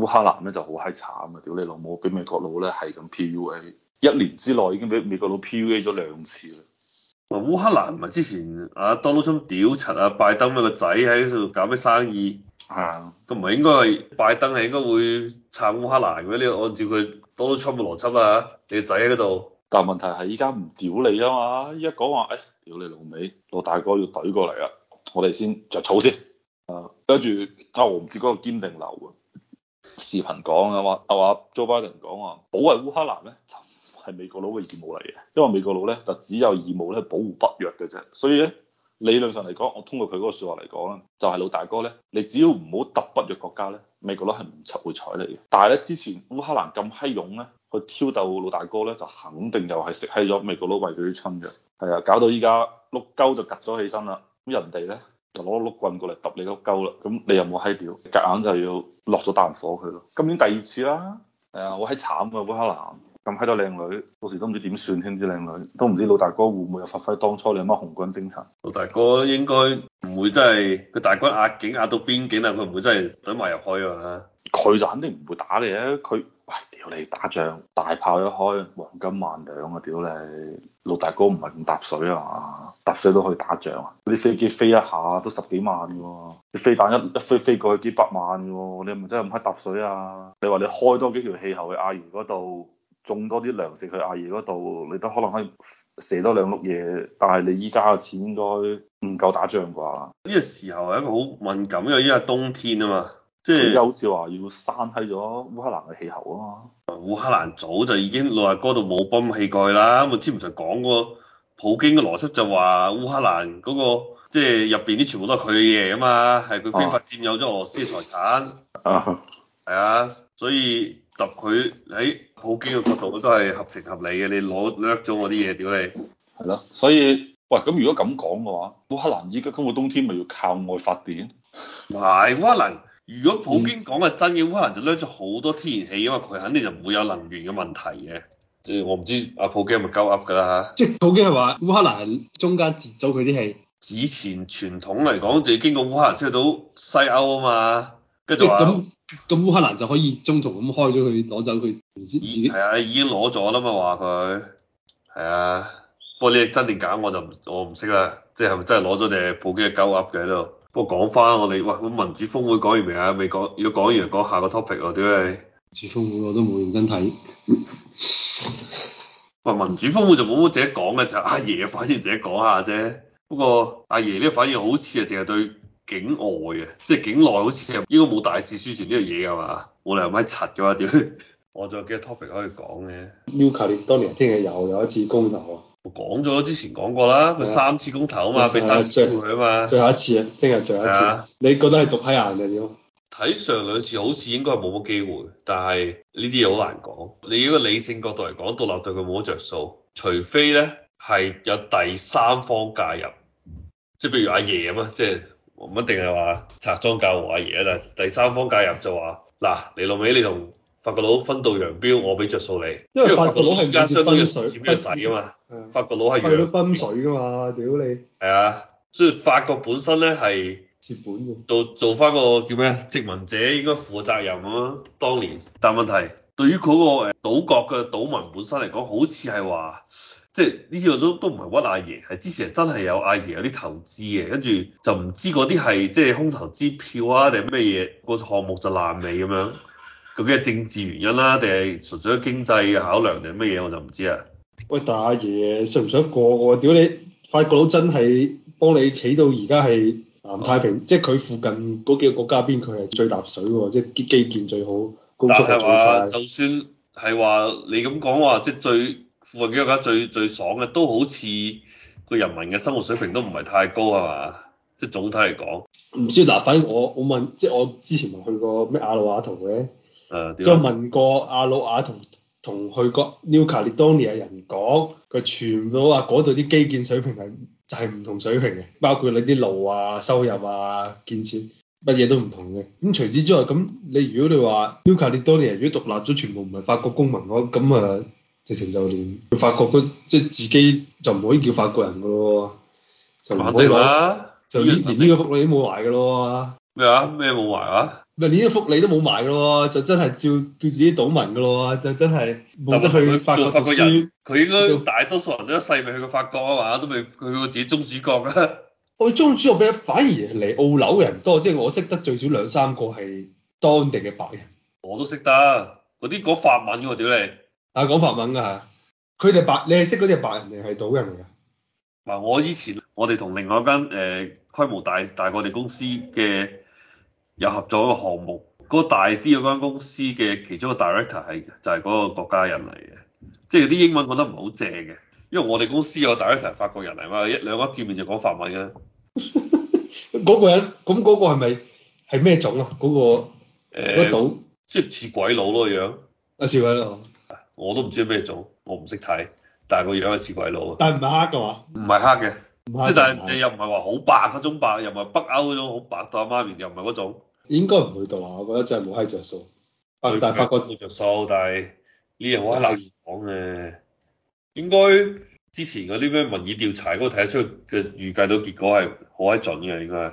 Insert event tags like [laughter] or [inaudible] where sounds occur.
烏克蘭咧就好閪慘啊！屌你老母，俾美國佬咧係咁 P U A，一年之內已經俾美國佬 P U A 咗兩次啦。啊，烏克蘭咪之前啊，多攞槍屌柒啊，拜登咩個仔喺度搞咩生意？係啊，都唔係應該係拜登係應該會撐烏克蘭咩？呢個按照佢多攞槍嘅邏輯啊，你個仔喺度，但問題係依家唔屌你啊嘛！依家講話誒，屌、哎、你老味，我大哥要懟過嚟啊。我哋先着草先。啊，跟住啊，我唔知嗰個堅定流啊。視頻講啊，話啊話，Joe Biden 講話保衞烏克蘭咧，就唔係美國佬嘅義務嚟嘅，因為美國佬咧就只有義務咧保護北約嘅啫，所以咧理論上嚟講，我通過佢嗰個説話嚟講啦，就係、是、老大哥咧，你只要唔好突北約國家咧，美國佬係唔會睬你嘅。但係咧之前烏克蘭咁閪勇咧，去挑逗老大哥咧，就肯定又係食閪咗美國佬為佢啲親嘅，係啊，搞到依家碌鳩就趌咗起身啦，咁人哋咧？就攞碌棍過嚟揼你個鳩啦，咁你又冇閪屌？夾硬，硬就要落咗彈火佢咯。今年第二次啦，係、哎、啊，我閪慘啊烏克蘭咁閪多靚女，到時都唔知點算添。啲靚、啊、女都唔知老大哥會唔會又發揮當初你阿媽紅軍精神。老大哥應該唔會真係，佢大軍壓境壓到邊境啊，佢唔會真係懟埋入去啊。佢就肯定唔會打你啊，佢喂屌你打仗大炮一開黃金萬兩啊，屌你老大哥唔係咁搭水啊。搭水都可以打仗啊！啲飛機飛一下都十幾萬嘅喎、啊，啲飛彈一一飛飛過去幾百萬嘅喎、啊，你係咪真係咁閪搭水啊？你話你開多幾條氣喉去阿爾嗰度種多啲糧食去阿爺嗰度，你都可能可以射多兩碌嘢，但係你依家嘅錢應該唔夠打仗啩？呢個時候係一個好敏感，因為依家冬天啊嘛，即係好似話要閂喺咗烏克蘭嘅氣喉啊嘛，烏克蘭早就已經六日嗰度冇泵氣蓋啦，咁啊之前就講過。普京嘅邏輯就話烏克蘭嗰個即係入邊啲全部都係佢嘅嘢啊嘛，係佢非法佔有咗俄羅斯嘅財產啊，係啊，啊，所以揼佢喺普京嘅角度都係合情合理嘅，你攞掠咗我啲嘢屌你係咯，所以喂咁如果咁講嘅話，烏克蘭依家今個冬天咪要靠外發電？唔係烏克蘭，如果普京講嘅真嘅，烏克蘭就掠咗好多天然氣，因為佢肯定就唔會有能源嘅問題嘅。即係我唔知阿普京係咪鳩噏㗎啦，即係普京係話烏克蘭中間截咗佢啲戲。以前傳統嚟講，就係經過烏克蘭先去到西歐啊嘛，跟住話咁咁烏克蘭就可以中途咁開咗佢攞走佢，原先自己係啊，已經攞咗啦嘛話佢係啊，不過你真定假我就我唔識啦，即係係咪真係攞咗你普京係鳩噏嘅喺度？不過講翻我哋，喂，咁民主峯會講完未啊？未講要講完講下個 topic 喎，點解？嗯主峰會》我都冇認真睇。喂，《民主峰會》就冇乜自己講嘅，就阿爺反而自己講下啫。不過阿爺咧，反而好似啊，淨係對境外嘅，即係境內好似係應該冇大肆宣傳呢樣嘢噶嘛。我哋又咪柒嘅話點？我仲有幾個 topic 可以講嘅。要求你，當年聽日又有一次公投。啊。我講咗之前講過啦，佢三次公投啊嘛，俾、啊、三次機會佢啊嘛，最，最後一次啊，聽日最後一次。一次啊。你覺得係毒閪硬定點？睇上兩次好似應該係冇乜機會，但係呢啲嘢好難講。你如果個理性角度嚟講，獨立對佢冇乜着數，除非咧係有第三方介入，即係譬如阿爺咁嘛，即係唔一定係話拆裝教父阿爺啊啦。第三方介入就話：嗱，你老尾你同法國佬分道揚鑣，我俾着數你，因為法國佬係而家相當於佔咗勢啊嘛，法國佬係養咗泵水啊嘛，屌你！係啊，所以法國本身咧係。做做翻個叫咩殖民者應該負責任咁樣。當年但問題，對於嗰個誒島國嘅島民本身嚟講，好似係話即係呢次都都唔係屈阿爺，係之前真係有阿爺有啲投資嘅，跟住就唔知嗰啲係即係空投支票啊，定咩嘢個項目就爛尾咁樣。究竟係政治原因啦，啊，定係純粹經濟嘅考量，定係咩嘢，我就唔知啦。喂，大阿爺食唔食得過屌你，法國佬真係幫你企到而家係。南太平即係佢附近嗰幾個國家邊，佢係最沓水喎，即係基建最好，高速就算係話你咁講話，即係最附近嘅國家最最爽嘅，都好似個人民嘅生活水平都唔係太高，係嘛？即係總體嚟講。唔知嗱，反正我我問，即係我之前咪去過咩阿魯瓦圖嘅，即係、啊、問過阿魯瓦圖同去過 New Caledonia 人講，佢全部話嗰度啲基建水平係。就係唔同水平嘅，包括你啲路啊、收入啊、建設乜嘢都唔同嘅。咁除此之外，咁你如果你話要求你當地人如果獨立咗，全部唔係法國公民嗰，咁啊，直情就連法國嗰即係自己就唔可以叫法國人噶咯就唔可以攞就，就連呢個福利都冇埋嘅咯。咩啊？咩冇埋啊？咪連福利都冇埋咯，就真係照叫自己島民噶咯，就真係冇得去法國先。佢應該大多數人都一世未去過法國啊嘛，都未去過自己中主國啦。我中主國比反而嚟澳紐人多，即係我識得最少兩三個係當地嘅白人。我都識得，嗰啲、啊、講法文嘅喎，屌你啊，講法文㗎嚇，佢哋白你係識嗰啲白人定係賭人嚟㗎？嗱我以前我哋同另外一間誒、呃、規模大大我哋公司嘅。有合作一個項目，嗰、那個大啲嗰間公司嘅其中一個 director 係，就係、是、嗰個國家人嚟嘅，即係啲英文覺得唔係好正嘅。因為我哋公司有 director 係法國人嚟嘛，一兩個見面就講法文嘅。嗰 [laughs] 個人咁嗰個係咪係咩種啊？嗰、那個誒即係似鬼佬咯樣，似鬼佬。我都唔知咩種，我唔識睇，但係個樣係似鬼佬。但係唔係黑嘅喎，唔係黑嘅，即係、啊、黑但係是又唔係話好白嗰種白，又唔係北歐嗰種好白。阿媽咪又唔係嗰種。應該唔會到啊！我覺得真係冇閪着數。但係法國着數，但係呢樣好閪難講嘅。是的 應該之前嗰啲咩民意調查嗰個睇得出嘅預計到結果係好閪準嘅，應該。